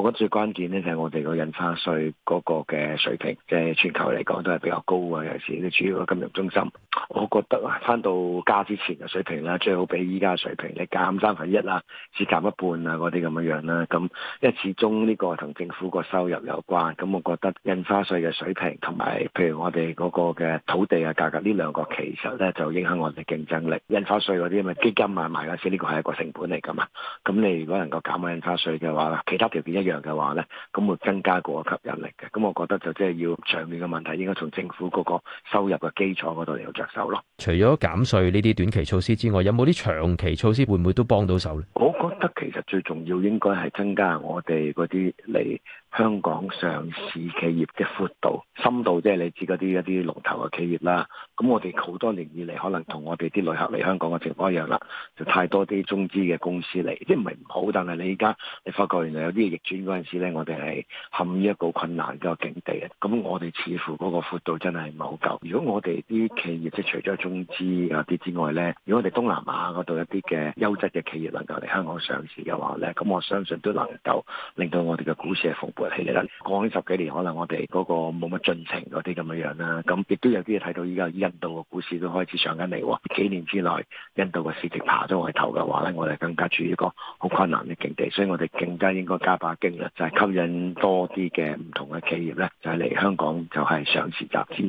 我覺得最關鍵咧就係、是、我哋個印花稅嗰個嘅水平，即係全球嚟講都係比較高啊！有時你主要個金融中心，我覺得翻到家之前嘅水平啦，最好比依家水平，你減三分一啦，只減一半啊，嗰啲咁嘅樣啦。咁因為始終呢個同政府個收入有關，咁我覺得印花稅嘅水平同埋譬如我哋嗰個嘅土地嘅價格呢兩個其實咧就影響我哋競爭力。印花稅嗰啲咪基金買賣陣時呢個係一個成本嚟㗎嘛。咁你如果能夠減去印花稅嘅話，其他條件一樣。樣嘅話咧，咁會增加個吸引力嘅。咁我覺得就即係要上面嘅問題，應該從政府嗰個收入嘅基礎嗰度嚟到着手咯。除咗減稅呢啲短期措施之外，有冇啲長期措施會唔會都幫到手咧？我覺得其實最重要應該係增加我哋嗰啲嚟香港上市企業嘅闊度、深度，即係你知嗰啲一啲龍頭嘅企業啦。咁我哋好多年以嚟，可能同我哋啲旅客嚟香港嘅情況一樣啦，就太多啲中資嘅公司嚟，即係唔係唔好，但係你而家你發覺原來有啲逆轉嗰陣時咧，我哋係陷於一個困難嘅境地。咁我哋似乎嗰個闊度真係唔係好夠。如果我哋啲企業即係除咗中資啊啲之外咧，如果我哋東南亞嗰度一啲嘅優質嘅企業能夠嚟香港，上市嘅話咧，咁我相信都能夠令到我哋嘅股市係蓬勃起嚟啦。過去十幾年可能我哋嗰個冇乜進程嗰啲咁嘅樣啦，咁亦都有啲嘢睇到依家印度嘅股市都開始上緊嚟喎。幾年之內印度嘅市值爬咗回頭嘅話咧，我哋更加處於一個好困難嘅境地，所以我哋更加應該加把勁啊，就係吸引多啲嘅唔同嘅企業咧，就嚟香港就係上市集資。